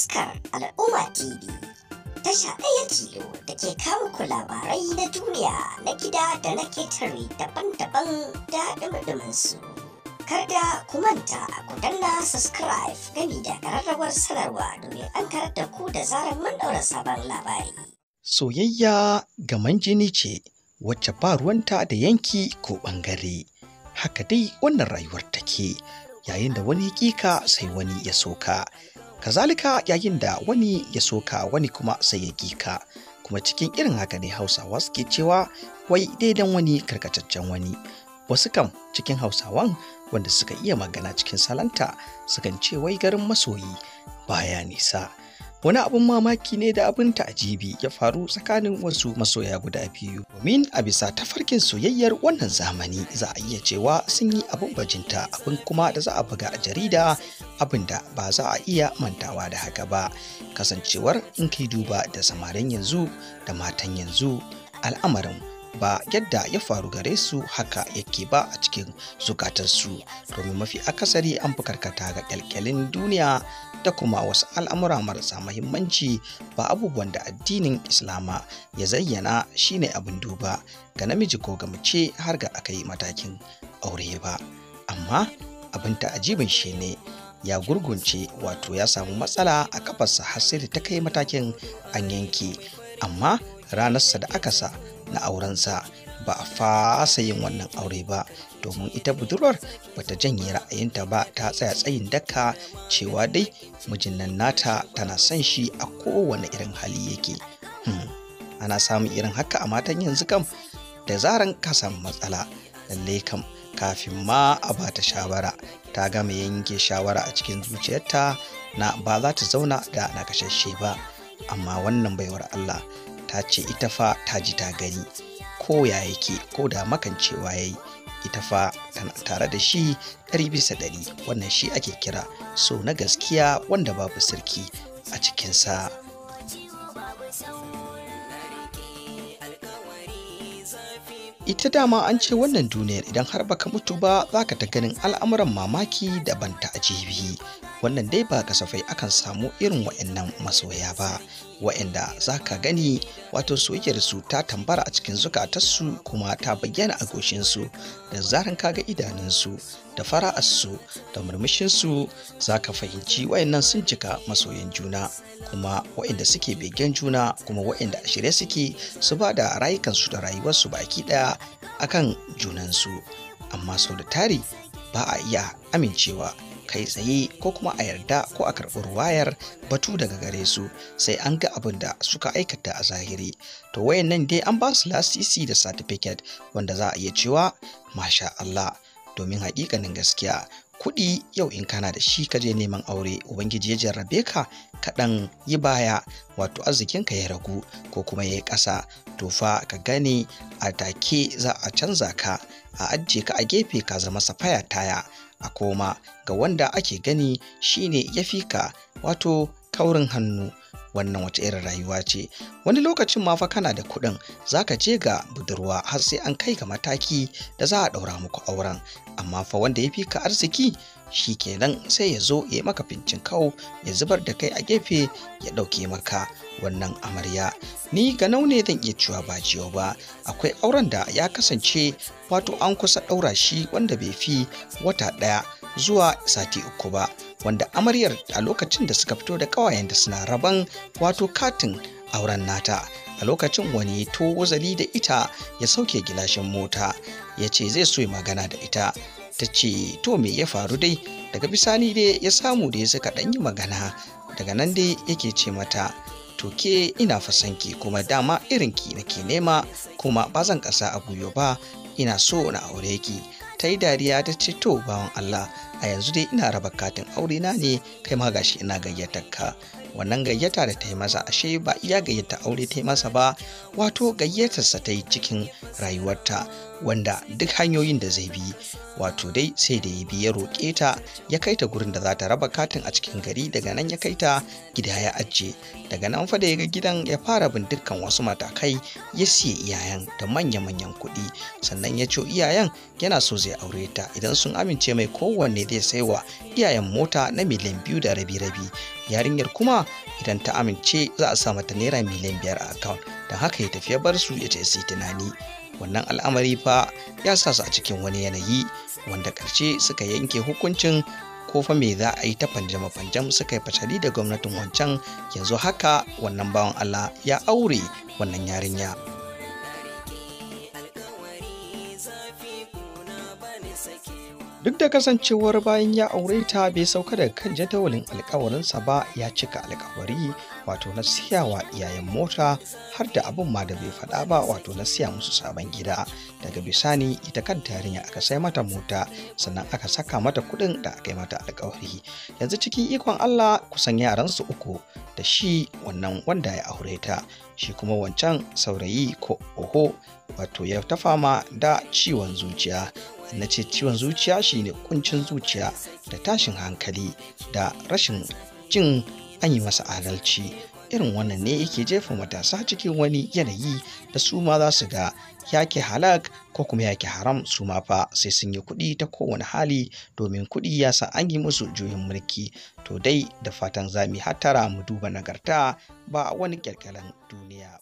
taskar al'umma tv tasha ɗaya tilo da ke kawo ku labarai na duniya na gida da na ketare daban-daban da ɗumɗumin su kada ku manta ku danna subscribe gani da ƙararrawar sanarwa domin an karar da ku da zarar mun ɗaura sabon labari soyayya ga manjini ce wacce ba ruwanta da yanki ko ɓangare haka dai wannan rayuwar take yayin da wani kika sai wani ya soka kazalika yayin da wani ya soka wani kuma sai ya ka kuma cikin irin haka ne hausawa suke cewa wai daidan wani karkataccen wani wasu kam cikin hausawan wanda suka iya magana cikin salanta sukan ce wai garin masoyi baya nisa wani abin mamaki ne da abin ta'ajibi ya faru tsakanin wasu masoya guda biyu domin a bisa tafarkin soyayyar wannan zamani za a iya cewa sun yi abin bajinta abin kuma da za a buga a jarida abin da ba za a iya mantawa da haka ba kasancewar in kai duba da samarin yanzu da matan yanzu al'amarin ba yadda ya faru gare su haka yake ba a cikin zukatansu domin mafi akasari an fi karkata ga kyalkyalin duniya da kuma wasu al'amura marasa mahimmanci ba abubuwan da addinin islama ya zayyana shine abin duba ga namiji ko ga mace har ga aka yi matakin aure ba amma abin ta'ajibin shi ne ya gurgunce wato ya samu matsala a kafarsa har sai da ta kai matakin an yanke amma ranarsa da aka sa na aurensa ba a fasa yin wannan aure ba domin ita budurwar ba bata janye ra'ayinta ba ta tsaya tsayin daka cewa dai mijin nan nata tana son shi a kowane irin hali yake hmm, ana samun irin haka a matan yanzu kam da zaran ka matsala lallai kam kafin ma a bata shawara ta gama yanke shawara a cikin zuciyarta na ba za ta zauna da nakashashe ba amma wannan baiwar Allah ta ce ita fa ta ji ta gani ko ya yake ko da makancewa ya yi ita fa tare da shi ɗari bisa ɗari wannan shi ake kira so na gaskiya wanda babu sarki a cikinsa ita dama an ce wannan duniyar idan har baka mutu ba za ka ta ganin al'amuran mamaki daban ta ajibi wannan dai ba kasafai akan samu irin wa'annan masoya ba wa'anda za ka gani wato soyayyar su ta tambara a cikin zukatarsu kuma ta bayyana a goshinsu da zaran ga idanunsu da fara'arsu da murmushinsu za ka fahimci wa'annan sun cika masoyan juna kuma wa'anda suke begen juna kuma wa'anda a shirye suke su ba da rayukansu da rayuwarsu baki daya akan junansu amma sau da tari ba a iya amincewa kai tsaye ko kuma a yarda ko a karɓar wayar batu daga gare su sai an ga abin da suka aikata a zahiri to nan dai an ba su lasisi da certificate wanda za a iya cewa masha Allah domin haƙiƙanin gaskiya kuɗi yau in kana da shi ka je neman aure ubangiji ya jarrabe ka kaɗan yi baya wato arzikin ka ya ragu ko kuma ya yi ƙasa to fa ka gane a take za a canza ka a ajiye ka a gefe ka zama safaya taya a koma ga wanda ake gani shine ya fi wato kaurin hannu wannan wace irin rayuwa ce wani lokacin ma fa kana da kuɗin za ka je ga budurwa har sai an kai ga mataki da za a ɗaura muku auren amma fa wanda ya fi ka arziki shi kenan sai ya zo ya maka fincin kau ya zubar da kai a gefe ya ɗauke maka wannan amarya ni ga naune zan iya cewa ba jiyo ba akwai auren da ya kasance wato an kusa ɗaura shi wanda bai fi wata ɗaya zuwa sati uku ba wanda amaryar a lokacin da suka fito da kawayen da suna rabon wato katin auren nata a lokacin wani to wazali da ita ya sauke gilashin mota ya ce zai so magana da ita ta ce to me ya faru dai daga bisani dai ya samu da ya suka ɗan yi magana daga nan dai yake ce mata to ke ina fasanki kuma dama irinki nake nema kuma ba zan ƙasa a ba ina so na aure ki ta yi dariya ta ce to bawan Allah a yanzu dai ina raba katin aure na ne kai ma gashi ina gayyatar ka wannan gayyata da ta yi masa ashe ba iya gayyata aure ta yi masa ba wato gayyatarsa ta yi cikin rayuwarta wanda duk hanyoyin da zai bi wato dai sai da ya bi ya roƙe ta ya kai ta gurin da za ta raba katin a cikin gari daga nan ya kai ta gida ya ajiye daga nan fa da ya ga gidan ya fara bin dukkan wasu matakai ya siya iyayen da manya-manyan kuɗi sannan ya ce iyayen yana so zai aure ta idan sun amince mai kowanne zai saiwa iyayen mota na miliyan biyu da rabi-rabi yarinyar kuma idan ta amince za a sa mata naira miliyan biyar a account don haka ya tafi ya bar su ya ce sai tunani wannan al'amari fa ya sa su a cikin wani yanayi wanda ƙarshe suka yanke hukuncin ko fa me za a yi ta fanjama-fanjam suka yi fashari da gwamnatin wancan yanzu haka wannan bawan Allah ya aure wannan yarinya. Duk da kasancewar bayan ya aure ta bai sauka daga kan jadawalin alkawarinsa ba ya cika alkawari wato na siya wa iyayen mota har da abin ma da bai faɗa ba wato na siya musu sabon gida daga bisani ita kan yarinya aka sai mata mota sannan aka saka mata kuɗin da aka yi mata alkawari yanzu cikin ikon Allah kusan yaransu uku da shi wannan wanda ya aure ta shi kuma wancan saurayi ko oho wato ya ta fama da ciwon zuciya na ce ciwon zuciya shine kuncin zuciya da tashin hankali da rashin jin an yi masa adalci irin wannan ne yake jefa matasa cikin wani yanayi da su ma za su ga yake halak ko kuma yake haram su ma fa sai sun yi kuɗi ta kowane hali domin kuɗi ya sa an yi musu juyin mulki to dai da fatan zami hattara mu duba nagarta ba wani kyalkyalan duniya